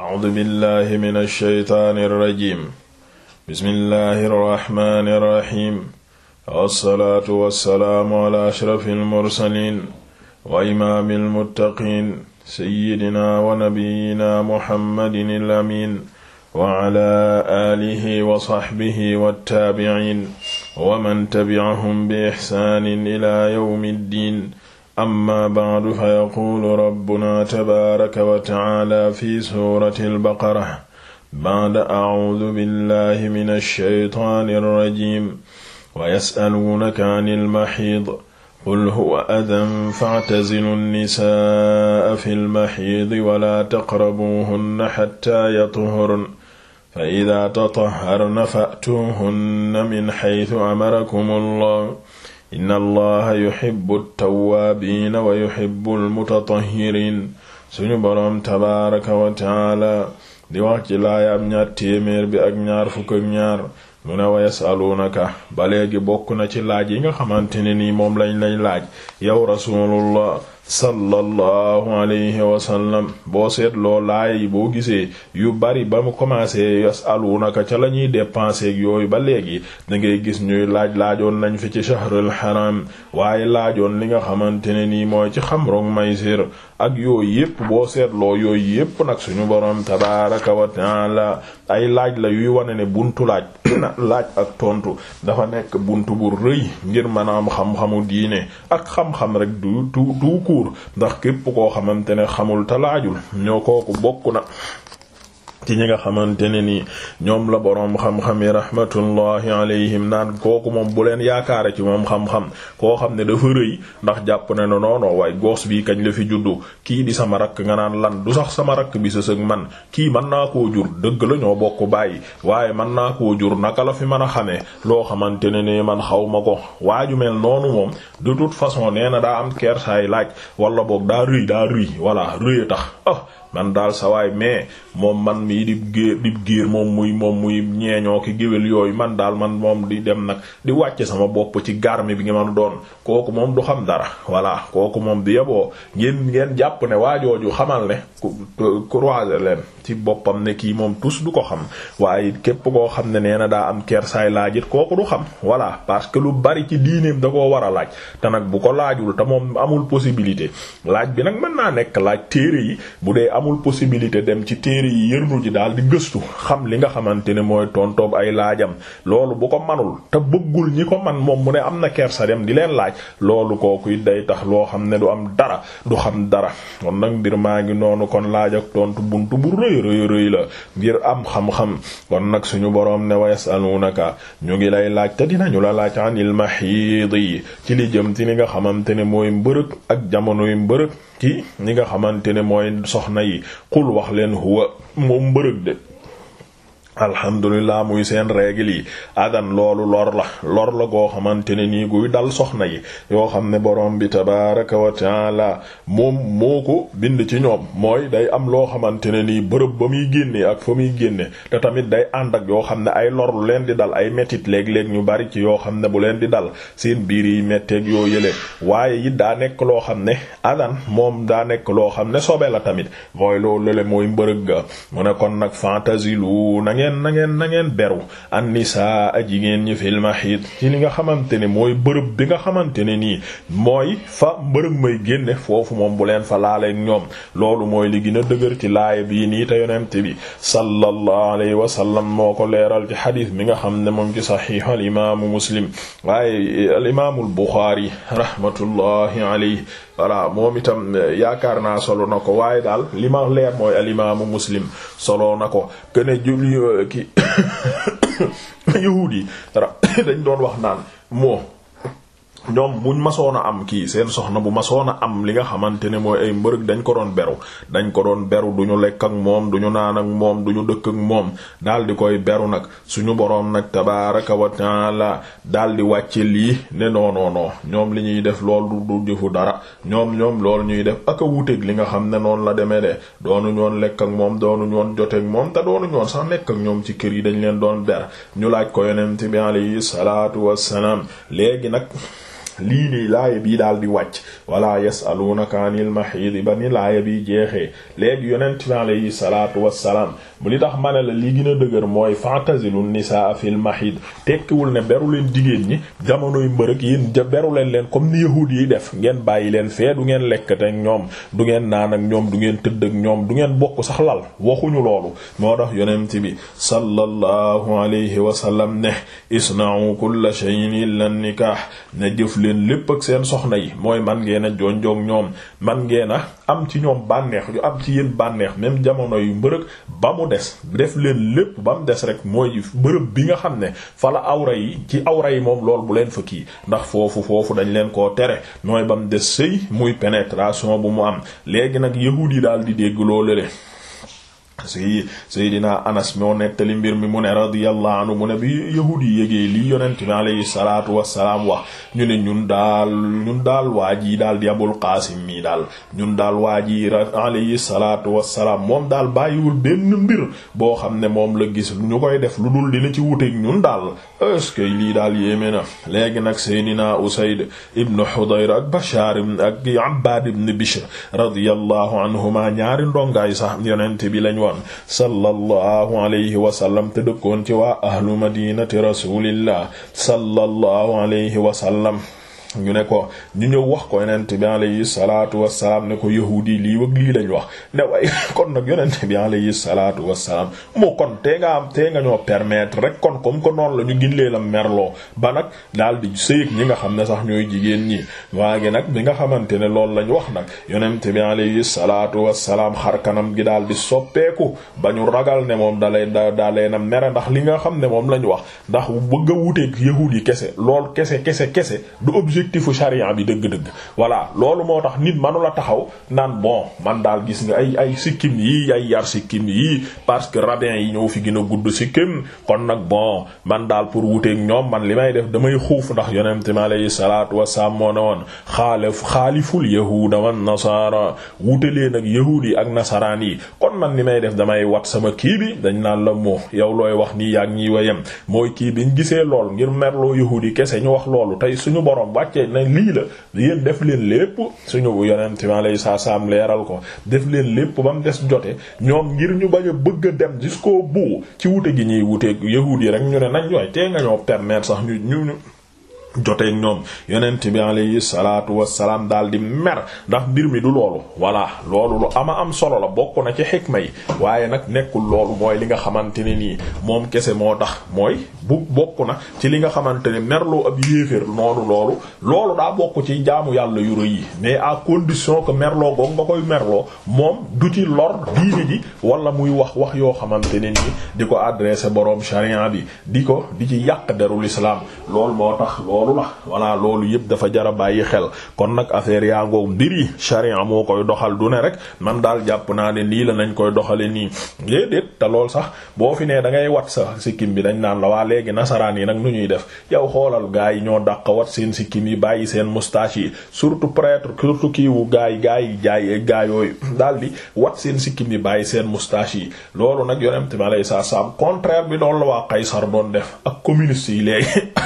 A'uuzu billaahi mina shaytaani rajiim. Bismillaahi rahmaani rahiim. Wassalaatu wassalaamu alaa ashrafil mursaliin wa imaamil muttaqiin sayyidinaa wa nabiyyinaa Muhammadinil amiin wa alaa aalihi wa sahbihi wattaabi'iin wa man tabi'ahum bi ihsaanin ilaa yawmid diin. amma ba'du fa yaquulu rabbuna tabaaraka wa ta'aala fi suurati albaqara ba'da a'uudu billahi min alshaytaani alrajim wa yas'aluunaka an almaxiid qul huwa adan fa'tazilu nnisaa fi lmaxiidi wala taqrabuuhunna xataa yatuhurn fa idaa tataharna fa'tuuhunna min xaytu amarakum allah inna allaha yuhibbu tawaabiina wa yuhibbu almutatahhiriin suñu boroom tabaaraka wa taala di wax ci laaya am ñaar téeméer bi ak ñaar fukk ak ñaar mu ne wa yasaluunaka ba léegi bokk na ci laaj yi nga xamante ne nii moom lañ lay laaj yow rasulullah sallallahu alayhi wasallam boo seetloo laay boo gisee yu bari ba mu commencé yasalunaka ca la ñuy dépenser yooyu ba léegi da ngay gis ñuy laaj laajoon nañu fi ci shahrul haram waaye laajoon li nga xamante ne nii mooy ci may maysir ak yooyu yépp boo seetloo yooyu yépp nag suñu borom tabaraka wa taala ay laaj la yuy wane ne buntu laaj laaj ak tontu dafa nekk bunt bu rëy ngir mën a am xam-xamu diine ak xam-xam rek du tuuku recours ndax képp koo xamante ne xamul talaajul ñoo kooku bokk na ci ñi nga xamante ne ni ñoom la boroom xam-xam yi rahmatullahi alayhim naan kooku moom bu leen yaakaar yaakaare ci moom xam-xam koo xam ne dafa rëy ndax jàpp ne ne noono waaye goos bii kañ la fi juddu kii di sama rakk nga naan lan du sax sama rakk bi sësëg man kii mën naa koo jur dëgg lañoo bokk bàyyi waaye mën naa koo jur naka la fi mën a xamee loo xamante ne ni man xaw ma ko waaju mel noonu moom de toute façon nee na daa am kersaay laaj wala boog daa rëy daa rëy walla rëy man daal sawaay mais moom man mii di géer di géer moom muy moom muy ñeeñoo ki géwél yooyu man daal man moom di dem nag di wàcc sama bopp ci garmi bi nga ma doon kooku moom du xam dara voilà kooku moom di yeboo ngeen ngeen jàpp ne waajooju xamal ne ku croiser leen ci boppam ne kii moom tous du ko xam waaye képp koo xam ne nee na daa am ker kersaay laajit kooku du xam voilà parce que lu bari ci diineem da koo war a laaj te nag bu ko laajul te moom amul possibilité laaj bi nag mën naa nekk laaj téere yi bu dee amul possibilité dem ci téere yi yërnu ji daal di gëstu xam li nga xamante ne mooy tontoob ay laajam loolu bu ko manul te bëggul ñi ko man moom mu ne am na kersa dem di leen laaj loolu kooku it day tax loo xam ne du am dara du xam dara mbir maa ngi noonu kon laaj ak tontu buntu bu rëy rëy la ngir am xam-xam kon nag suñu boroom ne wa yasalunaka ñu ngi lay laaj ñu dinañu la laaj anil mahiid yi ci li jëm ci li nga xamante ne mooy mbërëg ak jamonoy mbërëg ci li nga xamante ne mooy soxna yi qul wax leen huwa moom mbërëg de alhamdulilah muy seen règle yi adan loolu lor la lor la goo xamante ne nii guy dal soxna yi yoo xam ne borom bi tabaraka wa taala moom moo ko bind ci ñoom mooy day am loo xamante ne nii bërëb ba muy génnee ak fa muy génne te tamit day ànd ak yoo xam ne ay lor lu leen di dal ay métit léeg-léeg ñu bari ci yoo xam ne bu leen di dal seen biir yi métteeg yoo yële waaye it daa nekk loo xam ne adan moom daa nekk loo xam ne sobe la tamit mooy loolu le nangeen na ngeen na ngeen beru an nisaa a jigéen ñi fil mahid ci li nga xamante ne mooy bërëb bi nga xamante ne nii mooy fa mbërëg may génne foofu moom bu leen fa laaleen ñoom loolu mooy li gën a dëgër ci laaya bii nii te yonent bi sallallahu alayhi wa sallam moo ko leeral ci xadiis mi nga xam ne moom ci saxiix al imaamu muslim waaye al imaamul buxaari rahmatullahi alayhi voilà moom itam euh, yaakaar naa solo na ko waaye daal li ma leer mooy alimaamu muslim solo na ko kene julli euh, ki yahuud yi dañ doon wax naan moo ñoom buñ masoon a am kii seen soxna bu masoon a am li nga xamante ne mooy ay mbërëg dañ ko doon beru dañ ko doon beru du ñu lekk ak moom duñu naan ak moom du ñu dëkk ak moom daal di koy beru nag suñu boroom nag tabaaraka wa la daal di wàcce lii ne non non ñoom li ñuy def loolu du jëfu dara ñoom ñoom loolu ñuy def ak a wuuteeg li nga xam ne noonu la demee de doonu ñoon lekk ak moom doonu ñoon joteeg moom te doonu ñoon sax nekk ak ñoom ci kër yi dañ leen doon ber ñu laaj ko yonent bi alayhi salaatu wassalaam léegi nag lii nii laaya bii daal di wàcc wala yasalunaka anil mahiid ba ni laaya bi jeexee léegi yonent bi alayhi salaatu wassalaam bu li tax ma ne la li gën a dëgër mooy fa'tazilu nisaa fil mahiid tekkiwul ne beru leen jigéen ñi jamonoy mbërëg yi ja beru leen leen comme ni yahuud yi def ngeen bàyyi leen fee du ngeen lekk ak ñoom du ngeen naan ak ñoom du ngeen tëdd ak ñoom du ngeen bokk sax lal waxuñu loolu moo tax yonent bi sallallahu alayhi wa sallam ne isna'u kulla lépp ak seen soxna yi mooy man ngeen a jonjoog ñoom man ngeen a am ci ñoom bànneex yu am ci yéen bànneex même jamono yu mbërëg ba mu des def leen lépp ba mu des rek mooy bërëb bi nga xam ne fala awra yi ci awra yi moom lool bu leen fa kii ndax foofu foofu dañ leen koo tere nooy ba mu des sëy muy pénétration bu mu am léegi nag yahuud yi daal di dégg loolu si Seydina Anas moo nettali mbir mi mu ne radiyallahu anhu mu ne bi yahud yi yégee lii yonent bi alayhi salaatu wassalaam wax ñu ne ñun daal ñun daal waa ji daal di Abul Qaasim mii daal ñun daal waa ji alayhi salaatu wassalaam moom daal bàyyiwul benn mbir boo xam ne moom la gis ñu koy def lu dul dina ci wuteek ñun daal est-ce que lii daal yéeme na léegi nag Seydina Usayd ibn Hudayr ak Bashaar ak Abbaad ibn Bishr radiyallahu anhuma ñaari ndongaay sax yonent bi lañu woon sallallahu alayhi wa sallam te dëkkoon ci waa ahlu madinati rasulillah sallallahu alayhi wa sallam ñu ne ko ñu ñëw wax ko yonent bi alayhi salaatu wassalaam ne ko yahuudi lii wëg lii lañ wax ne waaye kon nag yonent bi alayhi salaatu wassalaam moo kon tee nga am tee nga ñoo permettre rek kon comme que noonu la ñu gindee la merloo ba nag daal di sëyëg ñi nga xam ne sax ñooy jigéen ñi waagi nag bi nga xamante ne loolu lañ wax nag yonent bi alayhi salaatu wassalaam xar kanam gi daal di soppeeku ba ñu ragal ne moom dalay da dalee na mere ndax li nga xam ne moom lañ wax ndax bëgg a wuteeg yahuudi lool kese kese kese objectifu charia bi dëgg-dëgg voilà loolu moo tax nit manu la taxaw naan bon man daal gis nga ay ay sikkim yi ay yar sikkim yi parce que rabbin yi ñëw fi gën a gudd sikkim kon nag bon man daal pour wuteek ñoom man li may def damay xuuf ndax yonente mi alayhi salaat wasalaam moo ne woon xaalif xaaliful yahuda dama nasaara wutelee nag yahuud yi ak nasaraan yi kon man li may def damay wat sama kii bi dañ naan la moo yow looy wax nii yaag ñiy wayem mooy kii biñ gisee lool ngir merloo ñu wax loolu wàccee ne lii la yéen def leen lépp suñu yonent ma lay saa saam leeral ko def leen lépp ba mu des jote ñoom ngir ñu bañ a bëgg a dem jusqu'au bout ci wute gi ñuy wuteeg yahuud yi rek ñu ne nañ ñooy tee nga ñoo permettre sax ñu ñu. joteeg ñoom yonent bi alayhi salaatu wassalaam daal di mer ndax mbir mi du loolu voilà loolu lu ama am solo la bokk na ci xikma yi waaye nag nekkul loolu mooy li nga xamante ne nii moom kese moo tax mooy bu bokk na ci li nga xamante ne merloo ab yéeféer noonu loolu loolu daa bokk ci jaamu yàlla yu rëy yi mais à condition que merloo goog nga koy merloo moom du ci lor diine ji wala muy wax wax yoo xamante ne nii di ko adressé boroom sharia bi di ko di ci yàq derul loolu la voilà loolu yëpp dafa jara bàyyi xel kon nag affaire yaa ngoow mbir yi sharia moo koy doxal du ne rek man daal jàpp naa ne nii la nañ koy doxale nii déedéet te lool sax boo fi nee da ngay wat sa sikkim bi dañ naan la waa léegi nasaraan yi nag nu ñuy def yow xoolal gaa yi ñoo dàq wat seen sikkim yi bàyyi seen moustache yi surtout prêtre surtout kiiwu gaa yi gaa yi jaay gaa yooyu daal di wat seen sikkim yi bàyyi seen moustache yi loolu nag ma bi alayhi salaam contraire bi loolu la waa Qaysar doon def ak communiste yi léegi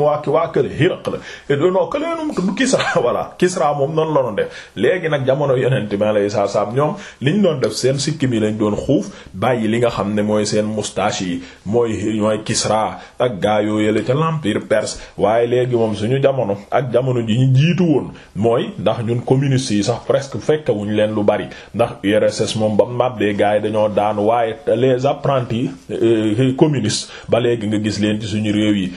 waa waa kële Hiraq la non kële num tudd Kisra voilà Kisra moom noonu la doon def léegi nag jamono yonent bi alayhi salaam ñoom liñ doon def seen sikkim yi lañ doon xuuf bàyyi li nga xam ne mooy seen moustache yi mooy mooy Kisra ak gaa yoo yële ca l'empire perse waaye léegi moom suñu jamono ak jamono ji ñu jiitu woon mooy ndax ñun communiste yi sax presque fekkewuñ leen lu bari ndax URSS moom ba mabdee gaa yi dañoo daanu waaye les apprentis euh, communistes ba léegi nga gis leen suñu réew yi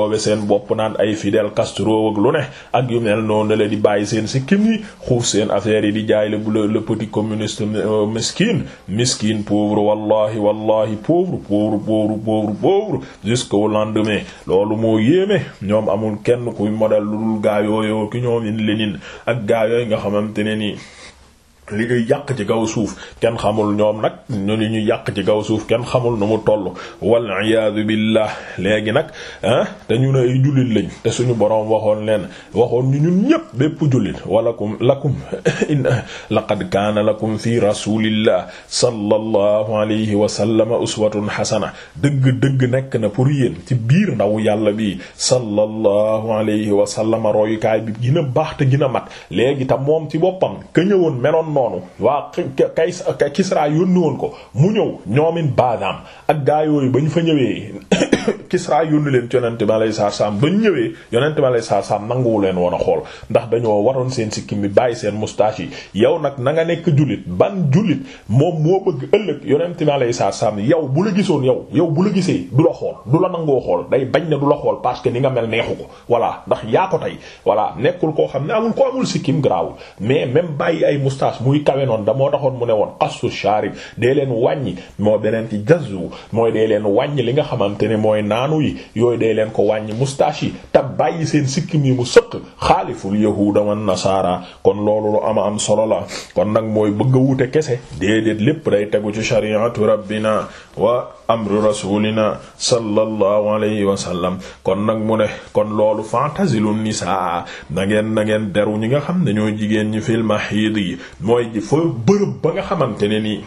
woowe seen bopp naan ay Fidel Castro ak lu ne ak yu mel noonu la di bàyyi seen sikkim yi xuuf seen affaire yi di jaay le le petit communiste miskin euh, miskin pauvre wallahi wallahi pauvre pauvre pauvre pauvre pauvre jusqu'au loolu moo yéeme ñoom amul kenn kuy modèle lu dul gaayooyo ki ñoom in ak gaayooy nga xamante ne nii li ñuy yàq ci kaw suuf kenn xamul ñoom nag ñu li yàq ci kaw suuf kenn xamul nu mu toll wal iyaadu billah léegi nag ah te ñu ne ay jullit lañ te suñu boroom waxoon leen waxoon ñu ñun ñépp bépp jullit walakum lakum inna laqad kaana lakum fi rasulillah sallallahu alayhi wa sallam uswatun hasana dëgg dëgg nekk na pour yéen ci biir ndaw yàlla bi sallallahu alayhi wa sallam royukaay bi gën a baax te gën a mat léegi te noonu waa Kays Kisra yónni woon ko mu ñëw ñoomin Badam ak gaa yooyu ba ñu fa ñëwee Kisra yónni leen ci yonente ma lay saar saam bañ ñëwee yonente ma lay saar saam nanguwu leen woon a xool ndax dañoo waroon seen sikkim bi bàyyi seen moustache yi yow nag na nga nekk jullit ban jullit moom moo bëgg ëllëg yonente ma lay saar saam yow bu la gisoon yow yow bu la gisee du la xool du la nangoo xool day bañ ne du la xool parce que ni nga mel neexu ko voilà ndax yaa ko tey voilà nekkul koo xam ne amul ko amul sikkim garaawul mais même bàyyi ay moustache muy kawe noonu da moo taxoon woon assu sharib dee leen wàññi moo beneen ci jazzu wàññi li nga xamante ne mooy naa naanu yi yooyu dee leen ko wàññi moustache yi te bàyyi seen sikkim yi mu sëq xaaliful yahuuda wan nasaara kon loolu lu ama am solo la kon nag mooy bëgg a wuute kese déedéet lépp day tegu ci shariatu rabbina wa amru rasulina sallallahu alayhi wa sallam kon nag mu ne kon loolu fantazilu nisaa na ngeen na ngeen deru ñi nga xam ne ñoo jigéen ñi fil mahid yi mooy foo bërëb ba nga xamante ne nii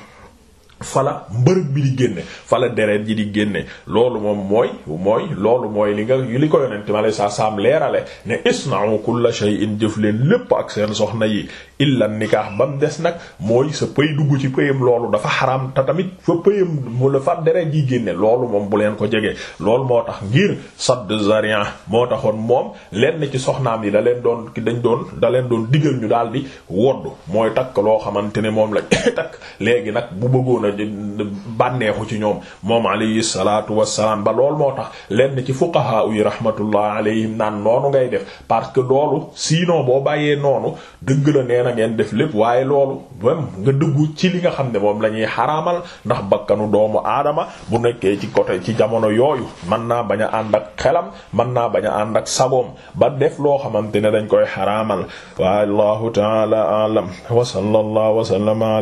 fala mbërëg bi di génne fala deret ji di génne loolu moom mooy mooy loolu mooy li nga li ko yonente ma lay sa saam leerale ne isna'u kulla shay'in jëf leen lépp ak seen soxna yi illa nikah bam des nag mooy sa pëy dugg ci pëyam loolu dafa xaram te tamit fa pëyam la fa deret ji génne loolu moom bu leen ko jege loolu moo tax ngir sadd zarian moo taxoon moom lenn ci soxnaam yi da doon ki dañ doon da doon digal ñu daal di wodd mooy takk loo xamante ne moom la takk léegi nag bànneexu ci ñoom moom alayhi salaatu wassalaam ba lool moo tax lenn ci fuqaha yi rahmatullah alayhim naan noonu ngay def parce que loolu sinon boo bàyyee noonu dëgg la nee na ngeen def lépp waaye loolu même nga dëggu ci li nga xam ne moom la ñuy xaraamal ndax bakkanu doomu aadama bu nekkee ci côté ci jamono yooyu man naa bañ a ànd ak xelam man naa baña a ànd ak sagoom ba def loo xamante ne dañ koy xaraamal wallahu ta'ala a'lam wa sallallahu wa sallama